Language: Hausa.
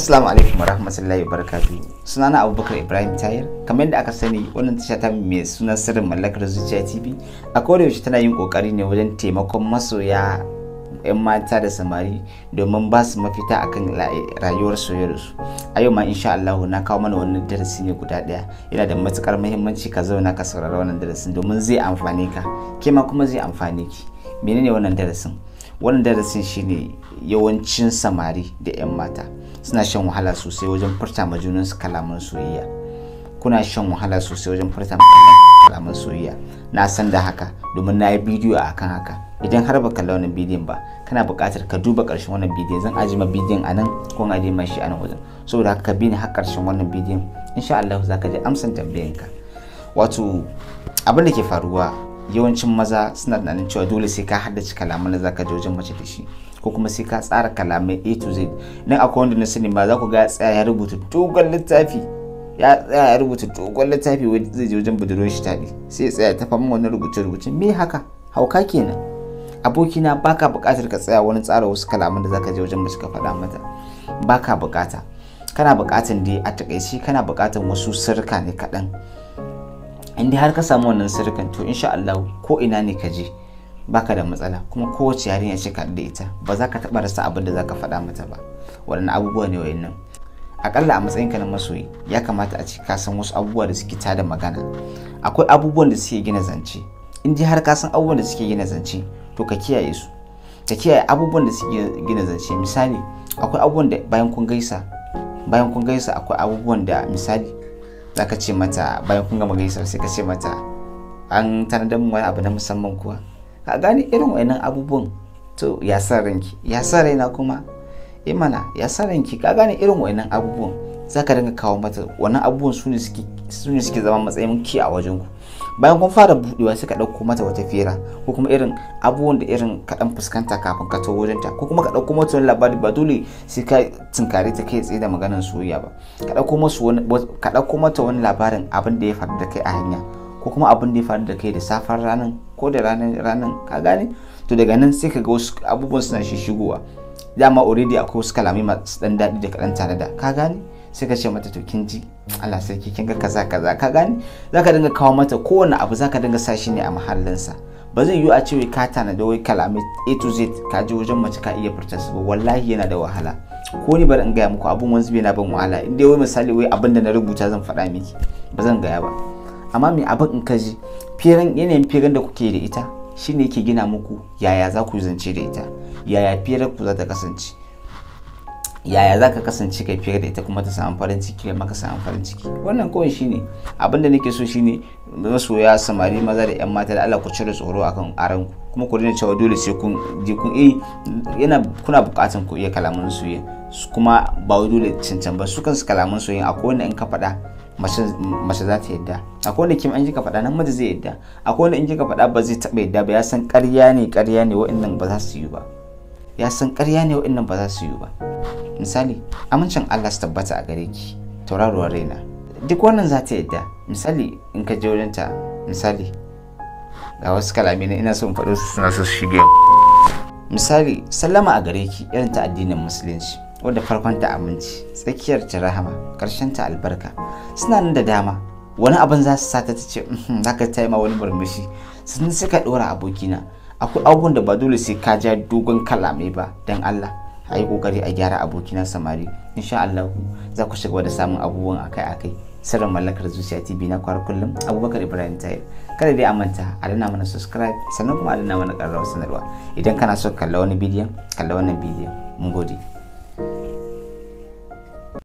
Assalamu alaikum warahmatullahi suna Sunana Abubakar Ibrahim Tahir. Kamar yadda aka sani wannan tasha ta mai sunan sirrin mallakar zuciya TV a koda yaushe tana yin kokari ne wajen taimakon masoya 'yan mata da samari domin ba su mafita akan rayuwar soyayyarsu. A yau ma insha Allah na kawo mana wannan darasi ne guda daya Yana da matukar muhimmanci ka zauna ka saurara wannan darasin domin zai amfane ka. Ke ma kuma zai amfane ki. Menene wannan darasin? wannan darasin shine yawancin samari da 'yan mata suna shan wahala sosai wajen furta ma junansu kalaman soyayya kuna shan wahala sosai wajen furta kalaman soyayya na san da haka domin na yi bidiyo a kan haka idan har baka kalla wannan bidiyon ba kana buƙatar ka duba ƙarshen wannan bidiyon zan aji ma bidiyon a nan ko in aji ma shi a nan wajen saboda haka ka bi ni har ƙarshen wannan bidiyon insha Allah za ka ji amsan tambayanka wato abin da ke faruwa yawancin maza suna tunanin cewa dole sai ka haddace kalaman da zaka ji wajen mace da shi ko kuma sai ka tsara kalamai A to Z nan akwai wanda na sani ba za ku ga tsaya ya rubuta dogon littafi ya tsaya ya rubuta dogon littafi wai zai je wajen budurwar shi taɗi sai ya tsaya ta fama wani rubuce rubuce me haka hauka kenan abokina baka buƙatar ka tsaya wani tsara wasu kalaman da zaka je wajen mace ka faɗa mata baka buƙata kana buƙatan dai a takaice kana buƙatan wasu sirka ne kaɗan in har ka samu wannan sirrikan to insha Allah ko ina ne ka je baka da matsala kuma kowace yarinya ce ka da ita ba za ka taɓa rasa abin da za ka faɗa mata ba waɗannan abubuwa ne wa'innan akalla a matsayinka na masoyi ya kamata a ce ka san wasu abubuwa da suke tada magana akwai abubuwan da suke gina zance in dai har ka san abubuwan da suke gina zance to ka kiyaye su ka kiyaye abubuwan da suke gina zance misali akwai abubuwan da bayan kun gaisa bayan kun gaisa akwai abubuwan da misali za ka ce mata bayan kun gama gaisar sai ka ce mata an tanadar mu wani abu na musamman kuwa ka gane irin wayannan abubuwan to ya sa ranki ya sa raina kuma imana eh ya sa ranki ka gane irin wayannan abubuwan za ka dinga kawo mata wannan abubuwan su ne suke zama matsayin ki a wajen ku bayan kun fara buɗewa sai ka ɗauko mata wata fera ko kuma irin abubuwan da irin ka dan fuskanta kafin ka to wajen ta ko kuma ka ɗauko mata wani labari ba dole sai ka tunkare ta kai tsaye da maganar soyayya ba ka ɗauko wani ka mata wani labarin abin da ya faru da kai a hanya ko kuma abin da ya faru da kai da safar ranar ko da ranar ranar ka gane to daga nan sai ka ga wasu abubuwan suna shishigowa dama already akwai wasu kalamai masu dan daɗi da kadan tare da ka gane sai ka ce mata to kin ji Allah sarki kin ga kaza kaza ka gani zaka dinga kawo mata kowane abu zaka dinga sa shi ne a mahallinsa ba zai yiwu a ce wai ka tana da wai kalamai A to Z ka ji wajen mace ka iya furta su ba wallahi yana da wahala ko ni bari in gaya muku abun wanzu bai na ban wahala in dai wai misali wai abin da na rubuta zan faɗa miki ba zan gaya ba amma mai abin in ka ji firan yanayin firan da kuke da ita shine yake gina muku yaya za ku zance da ita yaya firar ku za ta kasance yaya za ka kasance kai fiye da ita kuma ta samu farin ciki kai maka samu farin ciki wannan kawai shine abinda nake so shine masoya samari maza da yan mata da Allah ku cire tsoro akan aran kuma ku daina cewa dole sai kun je kun eh yana kuna bukatan ku iya kalaman soyayya kuma ba wai dole cancan ba su kansu kalaman soyayya akwai wanda in ka faɗa mace za ta yadda akwai wanda kim an ji ka faɗa nan mace zai yadda akwai wanda in ji ka faɗa ba zai taɓa yadda ba ya san ƙarya ne ƙarya ne wa'annan ba za su yi ba ya san ƙarya ne waɗannan ba za su yi ba misali amincin Allah su tabbata a gare ki tauraruwar raina duk wannan za ta yadda misali in ka je wurinta, misali ga wasu kalami na ina so in faɗo su suna so su shige misali sallama a gare ki irin ta addinin musulunci wadda farkon ta aminci tsakiyar ta rahama ƙarshen ta albarka suna nan da dama wani abin za su sata ta ce uhm, za ka taima wani murmushi sun suka ɗora abokina akwai abubuwan da ba dole sai ka ja dogon kalamai ba don Allah a yi kokari a gyara abokina samari insha Allah za ku shiga da samun abubuwan akai-akai sirrin mallakar zuciya tv na kwar kullum abubakar ibrahim tayir kada dai amanta manta a dana mana subscribe sannan kuma a dana mana karrawa sanarwa idan kana so kalla wani bidiyon kalla wannan bidiyon mun gode